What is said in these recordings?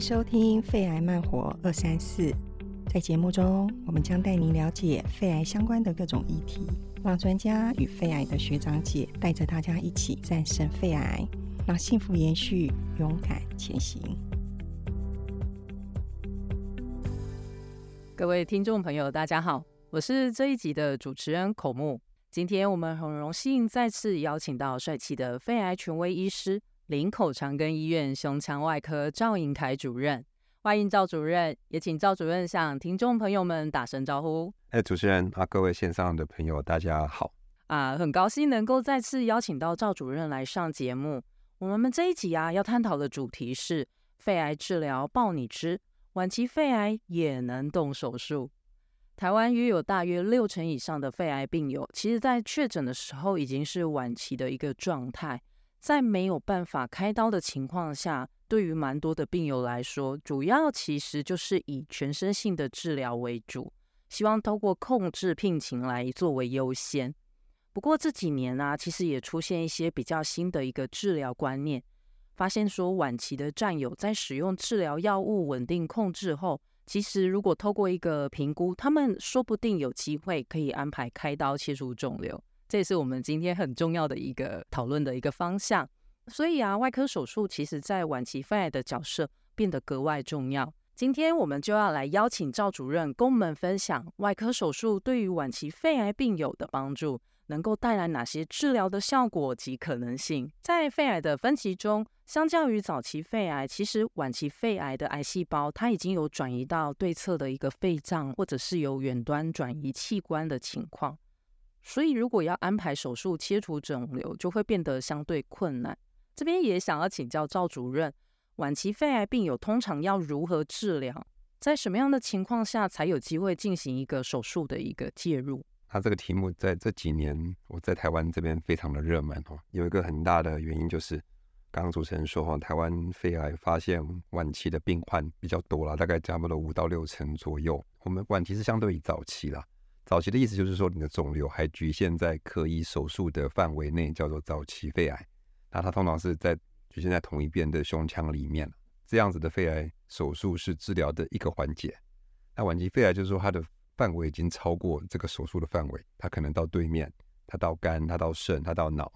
收聽肺癌慢活二三四，在節目中我們將帶您了解肺癌相關的各種議題，讓專家與肺癌的學長姐帶着大家一起戰勝肺癌，讓幸福延續，勇敢前行。各位聽眾朋友，大家好，我是這一集的主持人口木，今天我們很榮幸再次邀請到帥氣的肺癌權威醫師。林口長庚醫院胸腔外科趙盈凱主任，歡迎趙主任，也請趙主任向聽眾朋友們打聲招呼。哎，主持人啊，各位線上的朋友，大家好啊，很高興能夠再次邀請到趙主任來上節目。我們們這一集啊，要探討的主題是肺癌治療報你知，晚期肺癌也能動手術。台灣約有大約六成以上的肺癌病友，其實在確診的時候已經是晚期的一個狀態。在沒有辦法開刀的情況下，對於蠻多的病友來說，主要其實就是以全身性的治療為主，希望透過控制病情來作為優先。不過這幾年呢、啊，其實也出現一些比較新的一個治療觀念，發現說晚期的戰友在使用治療藥物穩定控制後，其實如果透過一個評估，他們說不定有機會可以安排開刀切除腫瘤。這是我們今天很重要的一個討論的一個方向，所以啊，外科手術其實在晚期肺癌的角色變得格外重要。今天我們就要來邀請趙主任跟我們分享外科手術對於晚期肺癌病友的幫助，能夠帶來哪些治療的效果及可能性。在肺癌的分期中，相較於早期肺癌，其實晚期肺癌的癌細胞它已經有轉移到對側的一個肺臟，或者是有遠端轉移器官的情況。所以，如果要安排手術切除腫瘤，就會變得相對困難。這邊也想要請教趙主任，晚期肺癌病友通常要如何治療？在什麼樣的情況下才有機會進行一個手術的一個介入？那這個題目在這幾年我在台灣這邊非常的熱門哦，有一個很大的原因就是，剛剛主持人說哦，台灣肺癌發現晚期的病患比較多啦，大概差不多五到六成左右。我們晚期是相對於早期啦。早期的意思就是說，你的腫瘤還侷限在可以手術的範圍內，叫做早期肺癌。那它通常是在侷限在同一邊的胸腔裡面。這樣子的肺癌手術是治療的一個環節。那晚期肺癌就是說，它的範圍已經超過這個手術的範圍，它可能到對面，它到肝它到，它到腎，它到腦。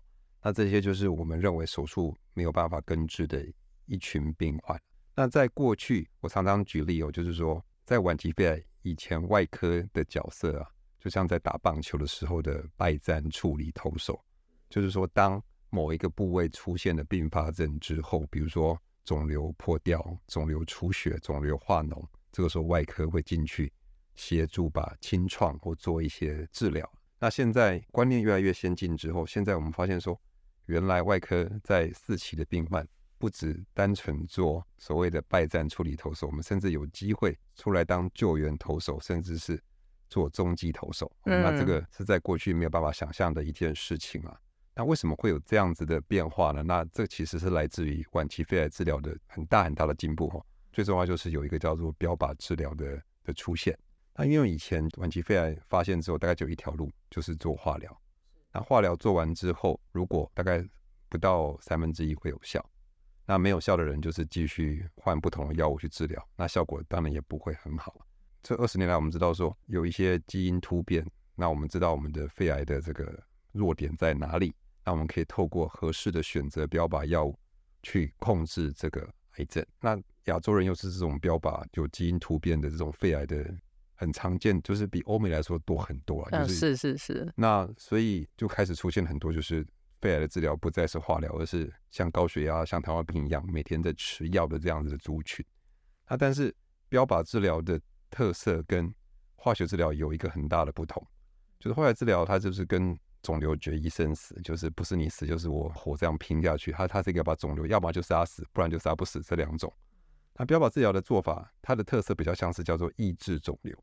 那這些就是我們認為手術沒有辦法根治的一群病患。那在過去，我常常舉例哦，就是說，在晚期肺癌以前，外科的角色啊。就像在打棒球的時候的敗戰處理投手，就是說，當某一個部位出現了併發症之後，比如說腫瘤破掉、腫瘤出血、腫瘤化膿，這個時候外科會進去協助把清創或做一些治療。那現在觀念越來越先進之後，現在我們發現說，原來外科在四期的病患，不只單純做所謂的敗戰處理投手，我們甚至有機會出來當救援投手，甚至是。做中繼投手，嗯嗯那這個是在過去沒有辦法想象的一件事情啊。那為什麼會有這樣子的變化呢？那這其實是來自於晚期肺癌治療的很大很大的進步、哦、最重要就是有一個叫做標靶治療的的出現。那因為以前晚期肺癌發現之後，大概只有一條路，就是做化療。那化療做完之後，如果大概不到三分之一會有效，那沒有效的人就是繼續換不同的藥物去治療，那效果當然也不會很好。這二十年來，我們知道說有一些基因突變，那我們知道我們的肺癌的這個弱點在哪裡，那我們可以透過合適的選擇標靶藥物去控制這個癌症。那亞洲人又是這種標靶有基因突變的這種肺癌的很常見，就是比歐美來說多很多啊，就是啊，是是是。那所以就開始出現很多就是肺癌的治療不再是化療，而是像高血壓、像糖尿病一樣每天在吃藥的這樣子的族群。那但是標靶治療的。特色跟化學治療有一個很大的不同，就是化學治療它就是跟腫瘤決一生死，就是不是你死就是我活這樣拼下去它。它它是一個把腫瘤要麼就殺死，不然就殺不死這兩種。那標靶治療的做法，它的特色比較像是叫做抑制腫瘤，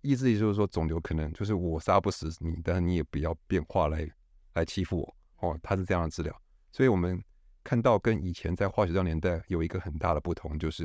抑制也就是說腫瘤可能就是我殺不死你，但你也不要變化來來欺負我哦，它是這樣的治療。所以我們看到跟以前在化學上年代有一個很大的不同，就是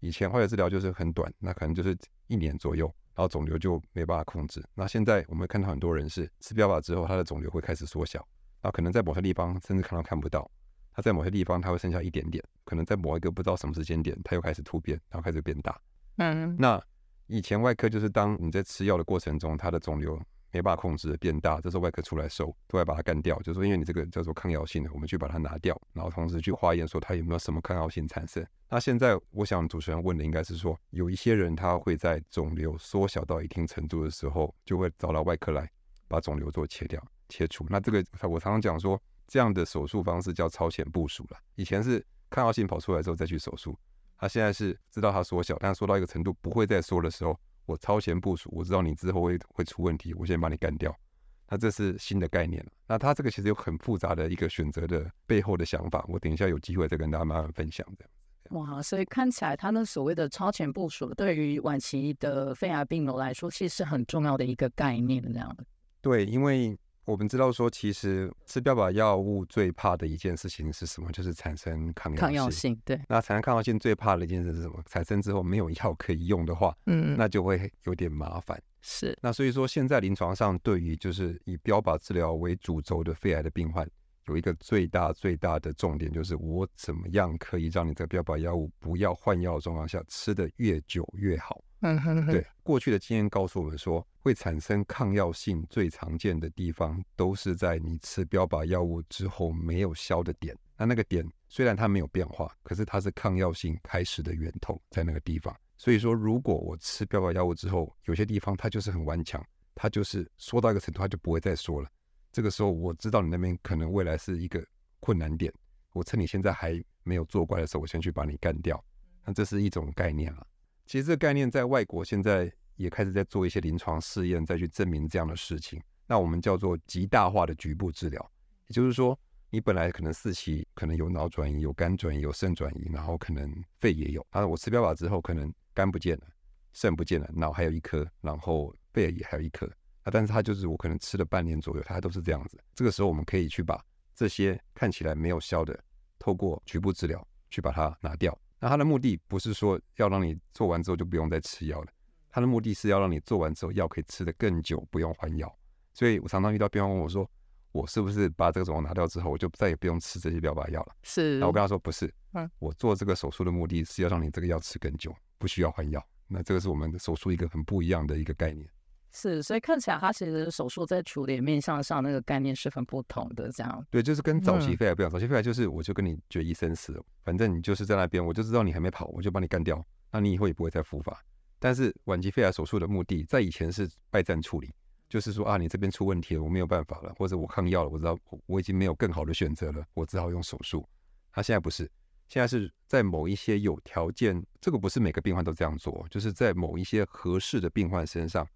以前化學治療就是很短，那可能就是。一年左右，然後腫瘤就沒辦法控制。那現在我們看到很多人是吃標靶之後，他的腫瘤會開始縮小。那可能在某些地方甚至看到看不到，他在某些地方他會剩下一點點。可能在某一個不知道什麼時間點，他又開始突變，然後開始變大。嗯，那以前外科就是當你在吃藥的過程中，他的腫瘤。沒辦法控制的變大，這時候外科出來收，都要把它幹掉。就是說因為你這個叫做抗藥性的，我們去把它拿掉，然後同時去化驗說它有沒有什麼抗藥性產生。那現在我想主持人問的應該是說，有一些人他會在腫瘤縮小到一定程度的時候，就會找到外科來把腫瘤做切掉、切除。那這個我常常講說，這樣的手術方式叫超前部署了。以前是抗藥性跑出來之後再去手術，他現在是知道它縮小，但縮到一個程度不會再縮的時候，我超前部署，我知道你之後會會出問題，我先把你幹掉。那這是新的概念。那他這個其實有很複雜的一個選擇的背後的想法，我等一下有機會再跟大家慢慢分享。這樣哇，所以看起來他那所謂的超前部署，對於晚期的肺癌病人來說，其實是很重要的一個概念。這樣的對，因為。我們知道說，其實吃標靶藥物最怕的一件事情是什麼？就是產生抗藥性、抗藥性。對，那產生抗藥性最怕的一件事是什麼？產生之後沒有藥可以用的話，嗯，那就會有點麻煩。是。那所以說，現在臨床上對於就是以標靶治療為主軸的肺癌的病患，有一個最大最大的重點就是，我怎麼樣可以讓你這個標靶藥物不要換藥的狀況下吃得越久越好。嗯， 對，過去的經驗告訴我們說，會產生抗藥性最常見的地方都是在你吃標靶藥物之後沒有消的點。那那個點雖然它沒有變化，可是它是抗藥性開始的源頭在那個地方。所以說，如果我吃標靶藥物之後，有些地方它就是很頑強，它就是縮到一個程度，它就不會再縮了。這個時候我知道你那邊可能未來是一個困難點，我趁你現在還沒有作怪的時候，我先去把你幹掉。那這是一種概念啊。其實這個概念在外國現在也開始在做一些臨床試驗，再去證明這樣的事情。那我們叫做極大化的局部治療，也就是說，你本來可能四期，可能有腦轉移、有肝轉移、有腎轉移，然後可能肺也有。啊，我吃標靶之後，可能肝不見了，腎不見了，腦還有一顆，然後肺也還有一顆。啊，但是它就是我可能吃了半年左右，它都是這樣子。這個時候，我們可以去把這些看起來沒有消的，透過局部治療去把它拿掉。那他的目的不是說要讓你做完之後就不用再吃藥了，他的目的是要讓你做完之後藥可以吃得更久，不用換藥。所以我常常遇到病人問我說，我是不是把這個腫瘤拿掉之後，我就再也不用吃這些標靶藥了？是。那我跟他說不是，嗯，我做這個手術的目的是要讓你這個藥吃更久，不需要換藥。那這個是我們的手術一個很不一樣的一個概念。是，所以看起來他其實手術在處理面向上那個概念是很不同的，這樣。對，就是跟早期肺癌不一樣。早期肺癌就是我就跟你決一生死，嗯、反正你就是在那邊，我就知道你還沒跑，我就把你幹掉，那你以後也不會再復發。但是晚期肺癌手術的目的，在以前是敗戰處理，就是說啊，你這邊出問題了，我沒有辦法了，或者我抗藥了，我知道我已經沒有更好的選擇了，我只好用手術。他、啊、現在不是，現在是在某一些有條件，這個不是每個病患都這樣做，就是在某一些合適的病患身上。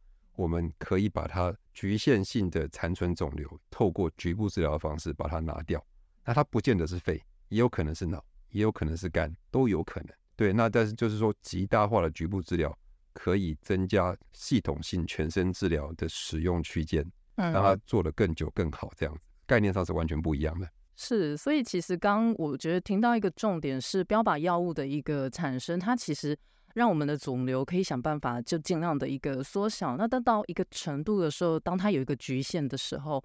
我們可以把它局限性的殘存腫瘤，透過局部治療的方式把它拿掉。那它不見得是肺，也有可能是腦，也有可能是肝，都有可能。對，那但是就是說，極大化的局部治療可以增加系統性全身治療的使用區間，嗯、讓它做得更久更好。這樣子概念上是完全不一樣的。是，所以其實剛我覺得聽到一個重點是標靶藥物的一個產生，它其實。讓我們的腫瘤可以想辦法，就盡量的一個縮小。那當到一個程度的時候，當它有一個局限的時候，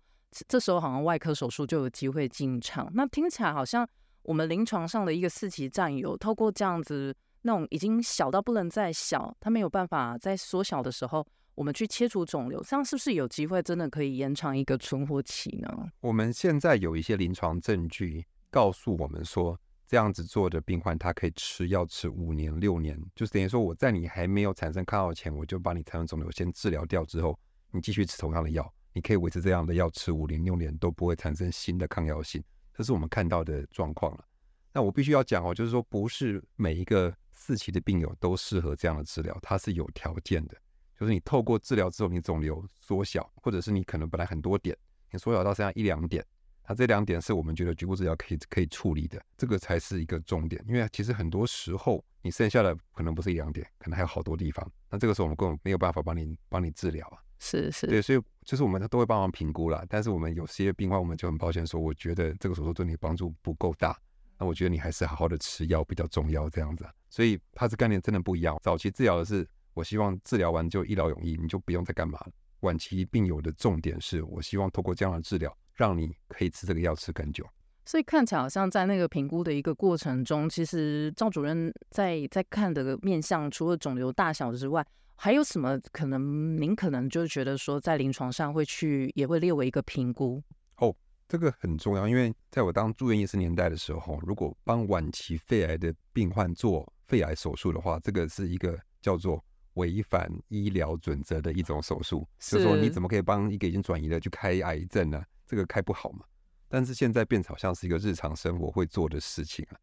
這時候好像外科手術就有機會進場。那聽起來好像我們臨床上的一個四期戰友，透過這樣子那種已經小到不能再小，他沒有辦法再縮小的時候，我們去切除腫瘤，這樣是不是有機會真的可以延長一個存活期呢？我們現在有一些臨床證據告訴我們說。這樣子做的病患，他可以吃藥吃五年六年，就是等於說我在你還沒有產生抗藥前，我就把你產生腫瘤先治療掉之後，你繼續吃同樣的藥，你可以維持這樣的藥吃五年六年都不會產生新的抗藥性，這是我們看到的狀況了。那我必須要講哦，就是說不是每一個四期的病友都適合這樣的治療，它是有條件的，就是你透過治療之後，你腫瘤縮小，或者是你可能本來很多點，你縮小到剩下一兩點。那、啊、這兩點是我們覺得局部治療可以可以處理的，這個才是一個重點。因為其實很多時候你剩下的可能不是一兩點，可能還有好多地方。那這個時候我們根本沒有辦法幫你幫你治療啊。是是對，所以就是我們都會幫忙評估啦。但是我們有些病患，我們就很抱歉說，我覺得這個手術對你幫助不夠大。那我覺得你還是好好的吃藥比較重要，這樣子、啊。所以它這概念真的不一樣。早期治療的是，我希望治療完就一勞永逸，你就不用再幹嘛了。晚期病友的重點是，我希望透過這樣的治療。讓你可以吃這個藥吃更久，所以看起來好像在那個評估的一個過程中，其實趙主任在在看的面向除了腫瘤大小之外，還有什麼可能？您可能就覺得說，在臨床上會去也會列為一個評估哦，oh, 這個很重要，因為在我當住院醫師年代的時候，如果幫晚期肺癌的病患做肺癌手術的話，這個是一個叫做違反醫療準則的一種手術，是，就是說你怎麼可以幫一個已經轉移的去開癌症呢？這個開不好嘛？但是現在變成好像是一個日常生活會做的事情啊。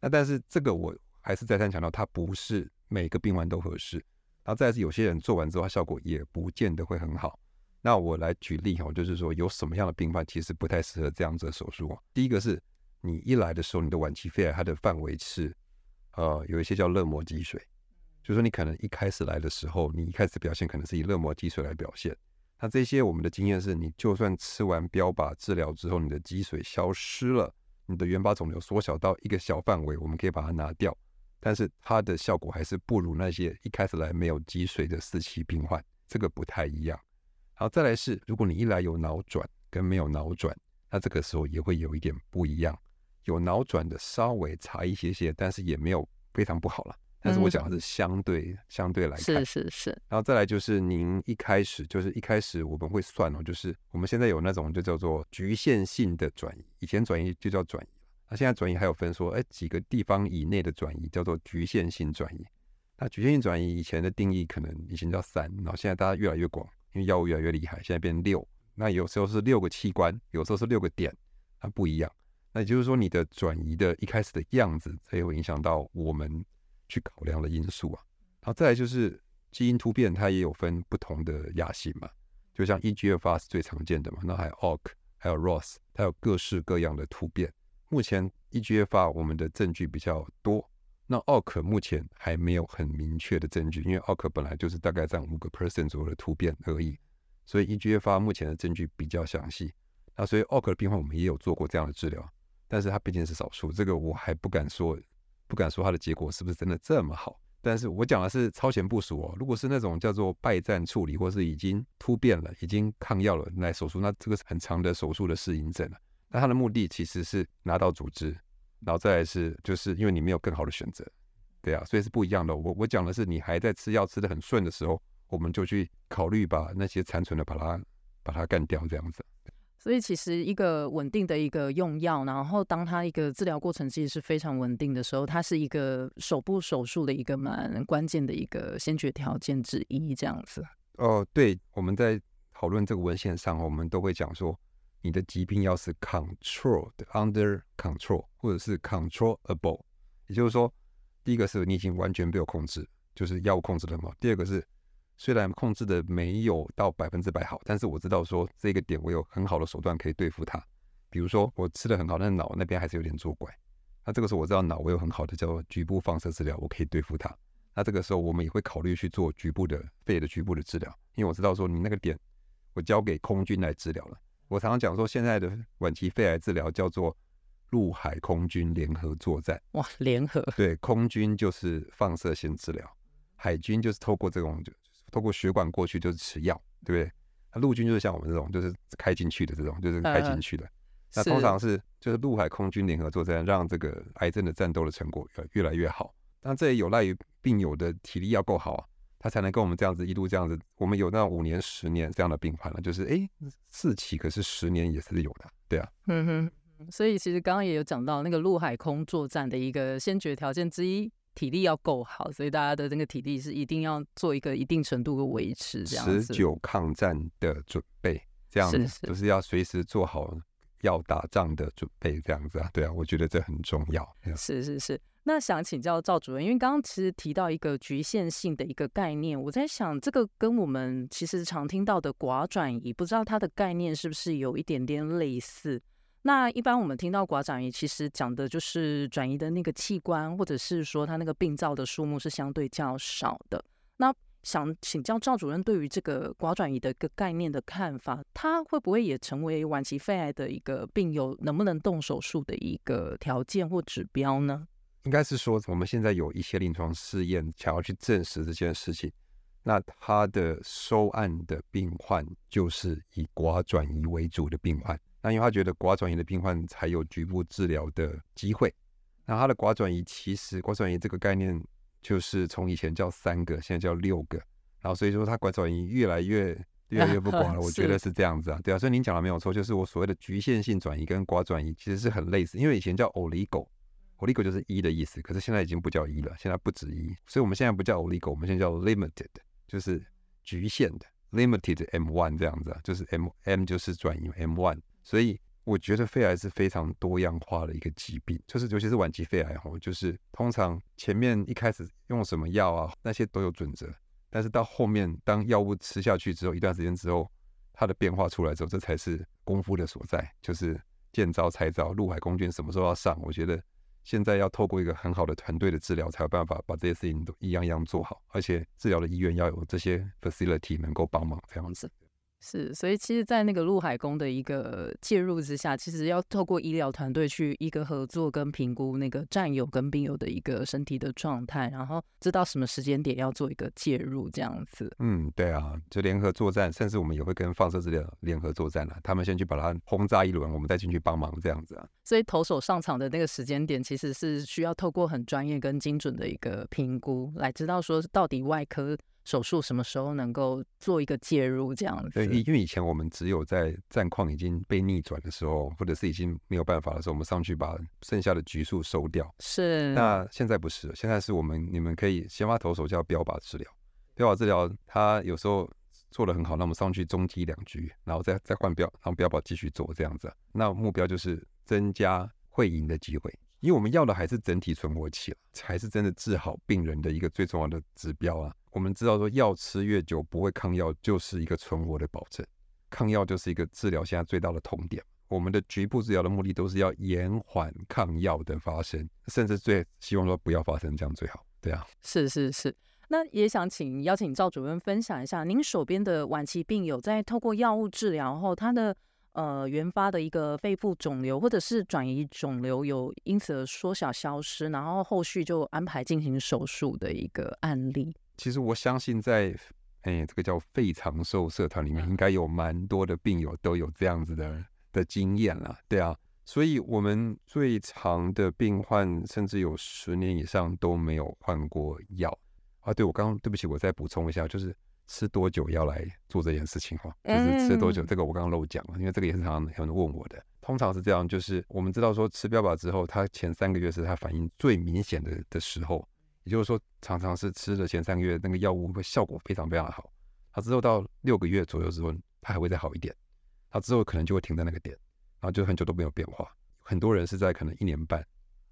那但是這個我還是再三強調，它不是每個病患都合適。然後再是有些人做完之後，它效果也不見得會很好。那我來舉例哈、哦，就是說有什麼樣的病患其實不太適合這樣子的手術、啊。第一個是你一來的時候，你的晚期肺癌它的範圍是、呃、有一些叫肋膜積水，就是說你可能一開始來的時候，你一開始表現可能是以肋膜積水來表現。那這些我們的經驗是，你就算吃完標靶治療之後，你的積水消失了，你的原發腫瘤縮小到一個小範圍，我們可以把它拿掉，但是它的效果還是不如那些一開始來沒有積水的四期病患，這個不太一樣。好，再來是，如果你一來有腦轉跟沒有腦轉，那這個時候也會有一點不一樣，有腦轉的稍微差一些些，但是也沒有非常不好了。但是我講的是相對相對來講，是、是、是，然後再來就是您一開始，就是一開始我們會算哦，就是我們現在有那種就叫做局限性的轉移，以前轉移就叫轉移，啊，那現在轉移還有分說，哎，幾個地方以內的轉移叫做局限性轉移。那局限性轉移以前的定義可能以前叫三，然後現在大家越來越廣，因為藥物越來越厲害，現在變六。那有時候是六個器官，有時候是六個點，它不一樣。那也就是說，你的轉移的一開始的樣子，它也會影響到我們。去考量的因素啊，好，再來就是基因突變，它也有分不同的亞型嘛。就像 EGFR 是最常見的嘛，那還有 ALK，還有 ROS，它有各式各樣的突變。目前 EGFR 我們的證據比較多，那 ALK 目前還沒有很明確的證據，因為 ALK 本來就是大概佔五個 percent 左右的突變而已，所以 EGFR 目前的證據比較詳細。那所以 ALK 的病患我們也有做過這樣的治療，但是它畢竟是少數，這個我還不敢說。不敢說它的結果是不是真的這麼好，但是我講的是超前部署哦。如果是那種叫做敗戰處理，或是已經突變了、已經抗藥了，那手術那這個是很長的手術的適應症了。那他的目的其實是拿到組織，然後再來是就是因為你沒有更好的選擇，對啊，所以是不一樣的。我我講的是你還在吃藥吃得很順的時候，我們就去考慮把那些殘存的把它把它幹掉這樣子。所以其實一個穩定的一個用藥，然後當它一個治療過程其實是非常穩定的時候，它是一個手部手術的一個蠻關鍵的一個先決條件之一，這樣子。哦、呃，對，我們在討論這個文獻上，我們都會講說，你的疾病要是 controlled, under control，或者是 controllable，也就是說，第一個是你已經完全被我控制，就是藥物控制了嘛；第二個是。雖然控制的沒有到百分之百好，但是我知道說這個點我有很好的手段可以對付它。比如說我吃的很好，但是腦那邊還是有點作怪。那這個時候我知道腦我有很好的叫做局部放射治療，我可以對付它。那這個時候我們也會考慮去做局部的肺的局部的治療，因為我知道說你那個點我交給空軍來治療了。我常常講說現在的晚期肺癌治療叫做陸海空軍聯合作戰。哇，聯合。對，空軍就是放射性治療，海軍就是透過這種透過血管過去就是吃藥，對不對？啊、陸軍就是像我們這種，就是開進去的這種，就是開進去的。嗯、那通常是就是陸海空軍聯合作戰，讓這個癌症的戰鬥的成果越來越好。但這也有賴於病友的體力要夠好啊，他才能跟我們這樣子一路這樣子。我們有那五年、十年這樣的病患了，啊，就是哎，四期可是十年也是有的，啊，對啊。嗯哼，所以其實剛剛也有講到那個陸海空作戰的一個先決條件之一。體力要夠好，所以大家的這個體力是一定要做一個一定程度的維持，這樣持久抗戰的準備，這樣子都是，是，是要隨時做好要打仗的準備，這樣子啊，對啊，我覺得這很重要。是，是是是，那想請教趙主任，因為剛剛其實提到一個局限性的一個概念，我在想這個跟我們其實常聽到的寡轉移，不知道它的概念是不是有一點點類似？那一般我們聽到寡轉移，其實講的就是轉移的那個器官，或者是說它那個病灶的數目是相對較少的。那想請教趙主任對於這個寡轉移的一個概念的看法，他會不會也成為晚期肺癌的一個病友能不能動手術的一個條件或指標呢？應該是說我們現在有一些臨床試驗想要去證實這件事情，那他的收案的病患就是以寡轉移為主的病患。那因為他覺得寡轉移的病患才有局部治療的機會，那他的寡轉移其實寡轉移這個概念就是從以前叫三個，現在叫六個，然後所以說他寡轉移越來越越來越不寡了。啊、呵我覺得是這樣子啊，是對啊，所以您講的沒有錯，就是我所謂的局限性轉移跟寡轉移其實是很類似，因為以前叫 oligo，oligo 就是一、e、的意思，可是現在已經不叫一、e、了，現在不止一、e，所以我們現在不叫 oligo，我們現在叫 limited，就是局限的 limited M one 這樣子、啊，就是 M M 就是轉移 M one。所以我覺得肺癌是非常多樣化的一個疾病，就是尤其是晚期肺癌吼，就是通常前面一開始用什麼藥啊，那些都有準則，但是到後面當藥物吃下去之後，一段時間之後，它的變化出來之後，這才是功夫的所在，就是見招拆招，陸海空軍什麼時候要上？我覺得現在要透過一個很好的團隊的治療，才有辦法把這些事情都一樣一樣做好，而且治療的醫院要有這些 facility 能夠幫忙，這樣子。是，所以其實，在那個陸海空的一個介入之下，其實要透過醫療團隊去一個合作跟評估那個戰友跟病友的一個身體的狀態，然後知道什麼時間點要做一個介入這樣子。嗯，對啊，就聯合作戰，甚至我們也會跟放射治療聯合作戰啊。他們先去把它轟炸一輪，我們再進去幫忙這樣子啊。所以投手上場的那個時間點，其實是需要透過很專業跟精準的一個評估來知道說，到底外科。手術什麼時候能夠做一個介入這樣子？對，因為以前我們只有在戰況已經被逆轉的時候，或者是已經沒有辦法的時候，我們上去把剩下的局數收掉。是。那現在不是，現在是我們你們可以先發投手叫標靶治療，標靶治療它有時候做得很好，那我們上去中繼兩局，然後再再換標，然後標靶繼續做這樣子。那目標就是增加會贏的機會，因為我們要的還是整體存活期，才是真的治好病人的一個最重要的指標啊。我們知道說，藥吃越久不會抗藥，就是一個存活的保證。抗藥就是一個治療現在最大的痛點。我們的局部治療的目的都是要延緩抗藥的發生，甚至最希望說不要發生，這樣最好。對啊，是是是。那也想請，邀請趙主任分享一下，您手邊的晚期病友在透過藥物治療後，他的呃原發的一個肺部腫瘤或者是轉移腫瘤有因此而縮小消失，然後後續就安排進行手術的一個案例。其實我相信在、在、欸、哎，這個叫“肺長壽”社團裡面，應該有蠻多的病友都有這樣子的的經驗啦，對啊。所以我們最長的病患甚至有十年以上都沒有換過藥啊。對，我剛剛對不起，我再補充一下，就是吃多久要來做這件事情哈？就是吃了多久？這個我剛剛漏講了，因為這個也是常常有人問我的。通常是這樣，就是我們知道說吃標靶之後，他前三個月是他反應最明顯的的時候。也就是說，常常是吃了前三個月，那個藥物會效果非常非常好。它之後到六個月左右之後，它還會再好一點。它之後可能就會停在那個點，然後就很久都沒有變化。很多人是在可能一年半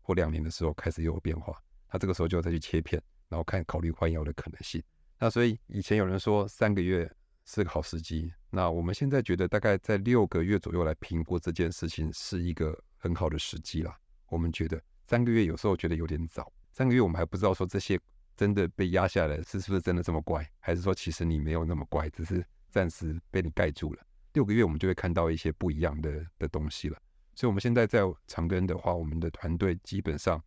或兩年的時候開始又有變化。他這個時候就要再去切片，然後看考慮換藥的可能性。那所以以前有人說三個月是個好時機，那我們現在覺得大概在六個月左右來評估這件事情是一個很好的時機啦。我們覺得三個月有時候覺得有點早。三個月我們還不知道說，這些真的被壓下來是是不是真的這麼怪，還是說其實你沒有那麼怪，只是暫時被你蓋住了。六個月我們就會看到一些不一樣的的東西了。所以我們現在在長庚的話，我們的團隊基本上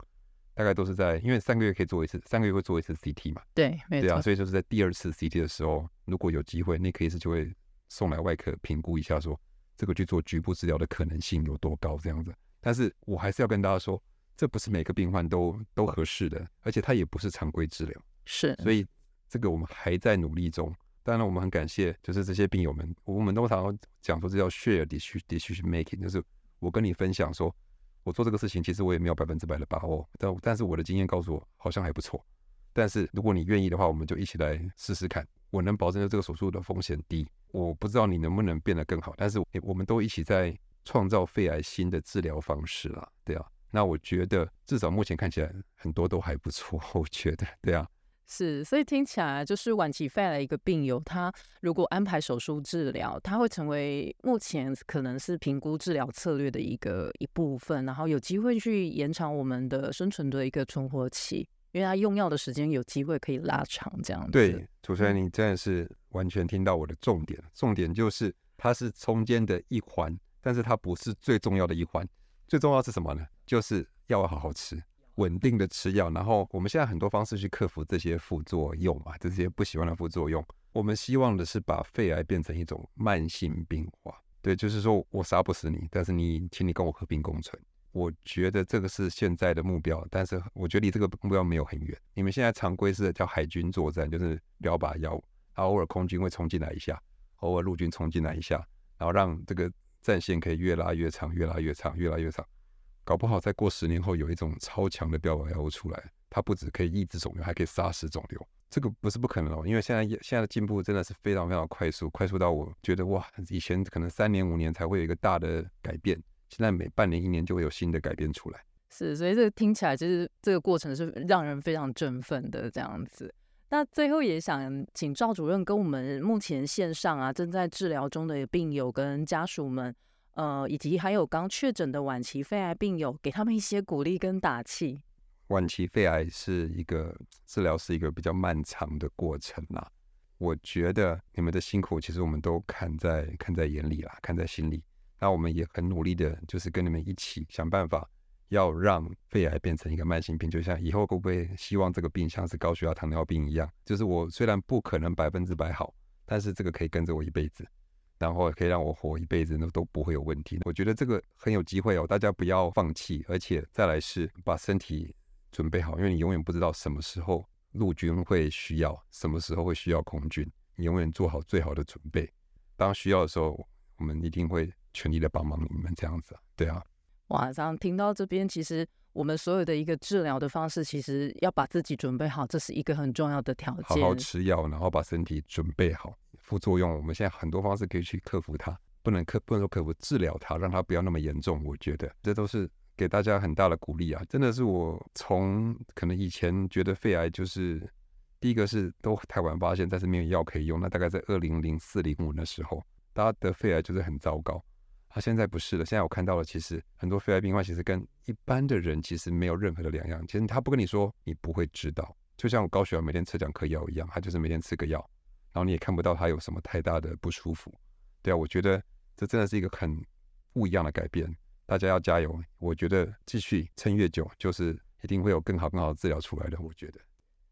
大概都是在，因為三個月可以做一次，三個月會做一次 CT 嘛？對，沒錯。對啊。所以就是在第二次 CT 的時候，如果有機會，內科醫生就會送來外科評估一下說，說這個去做局部治療的可能性有多高這樣子。但是我還是要跟大家說。這不是每個病患都都合適的。嗯、而且它也不是常規治療，是，所以這個我們還在努力中。當然，我們很感謝，就是這些病友們。我們通常，常講說，這叫 “share” decision making，就是我跟你分享說，我做這個事情，其實我也沒有百分之百的把握，但但是我的經驗告訴我，好像還不錯。但是如果你願意的話，我們就一起來試試看。我能保證，這個手術的風險低。我不知道你能不能變得更好，但是我們都一起在創造肺癌新的治療方式啦。對啊。那我覺得，至少目前看起來，很多都還不錯。我覺得，對啊，是，所以聽起來就是晚期肺癌一個病友，他如果安排手術治療，他會成為目前可能是評估治療策略的一個一部分，然後有機會去延長我們的生存的一個存活期，因為他用藥的時間有機會可以拉長。這樣子。對，主持人，你真的是完全聽到我的重點，重點就是它是中間的一環，但是它不是最重要的一環。最重要的是什麼呢？就是藥要好好吃，穩定的吃藥。然後我們現在很多方式去克服這些副作用嘛，這些不喜歡的副作用。我們希望的是把肺癌變成一種慢性病化，對，就是說我殺不死你，但是你，請你跟我和平共存。我覺得這個是現在的目標，但是我覺得離這個目標沒有很遠。你們現在常規是叫海軍作戰，就是兩把藥，啊，偶爾空軍會衝進來一下，偶爾陸軍衝進來一下，然後讓這個。戰線可以越拉越長，越拉越長，越拉越長，搞不好再過十年後有一種超強的標靶藥物出來，它不止可以抑制腫瘤，還可以殺死腫瘤，這個不是不可能哦。因為現在現在的進步真的是非常非常快速，快速到我覺得哇，以前可能三年五年才會有一個大的改變，現在每半年一年就會有新的改變出來。是，所以這個聽起來其實這個過程是讓人非常振奮的這樣子。那最後也想請趙主任跟我們目前線上啊正在治療中的病友跟家屬們，呃，以及還有剛確診的晚期肺癌病友，給他們一些鼓勵跟打氣。晚期肺癌是一個治療，是一個比較漫長的過程啦，我覺得你們的辛苦其實我們都看在看在眼裡啦，看在心裡。那我們也很努力的，就是跟你們一起想辦法。要讓肺癌變成一個慢性病，就像以後會不會希望這個病像是高血壓、糖尿病一樣？就是我雖然不可能百分之百好，但是這個可以跟着我一輩子，然後可以讓我活一輩子，那都不會有問題。我覺得這個很有機會哦，大家不要放棄，而且再來是把身體準備好，因為你永遠不知道什麼時候陸軍會需要，什麼時候會需要空軍，你永遠做好最好的準備。當需要的時候，我們一定會全力的幫忙你們這樣子，對啊。晚上聽到這邊，其實我們所有的一個治療的方式，其實要把自己準備好，這是一個很重要的條件。好好吃藥，然後把身體準備好。副作用，我們現在很多方式可以去克服它，不能克不能說克服，治療它，讓它不要那麼嚴重。我覺得這都是給大家很大的鼓勵啊！真的是我從可能以前覺得肺癌就是第一個是都太晚發現，但是沒有藥可以用。那大概在二零零四零五那時候，大家得肺癌就是很糟糕。他現在不是了，現在我看到了，其實很多肺癌病患，其實跟一般的人其實沒有任何的兩樣。其實他不跟你說，你不會知道。就像我高血壓每天吃兩顆藥一樣，他就是每天吃個藥，然後你也看不到他有什麼太大的不舒服。對啊，我覺得這真的是一個很不一樣的改變。大家要加油，我覺得繼續撐越久，就是一定會有更好更好的治療出來的。我覺得。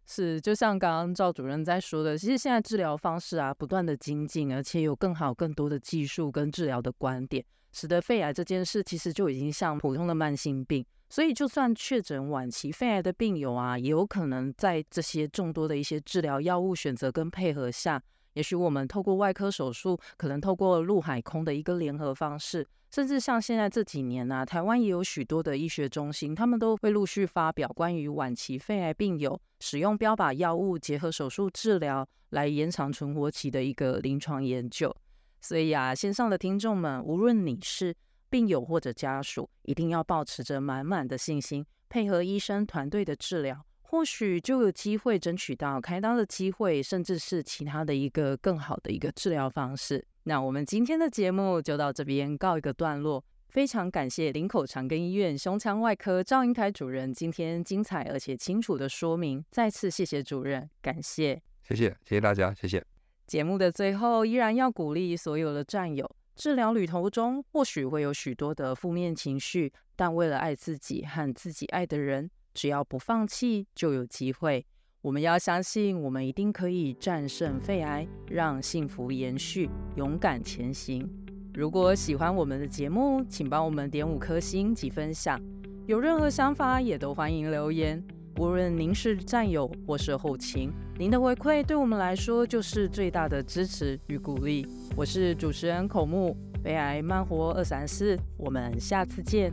是，就像剛剛趙主任在說的，其實現在治療方式啊，不斷的精進，而且有更好、更多的技術跟治療的觀點，使得肺癌這件事其實就已經像普通的慢性病。所以，就算確診晚期肺癌的病友啊，也有可能在這些眾多的一些治療藥物選擇跟配合下。也許我們透過外科手術，可能透過陸海空的一個聯合方式，甚至像現在這幾年呢、啊，台灣也有許多的醫學中心，他們都會陸續發表關於晚期肺癌病友使用標靶藥物結合手術治療來延長存活期的一個臨床研究。所以啊，線上的聽眾們，無論你是病友或者家屬，一定要保持着滿滿的信心，配合醫生團隊的治療，或許就有機會爭取到開刀的機會，甚至是其他的一個更好的一個治療方式。那我們今天的節目就到這邊告一個段落。非常感謝林口長庚醫院胸腔外科趙盈凱主任今天精彩而且清楚的說明，再次謝謝主任，感謝。謝謝，謝謝大家，謝謝。節目的最後，依然要鼓勵所有的戰友，治療旅途中或許會有許多的負面情緒，但為了愛自己和自己愛的人。只要不放棄，就有機會。我們要相信，我們一定可以戰勝肺癌，讓幸福延續，勇敢前行。如果喜歡我們的節目，請幫我們點五顆星及分享。有任何想法，也都歡迎留言。無論您是戰友或是後勤，您的回饋對我們來說就是最大的支持與鼓勵。我是主持人口木，肺癌慢活二三四，我們下次見。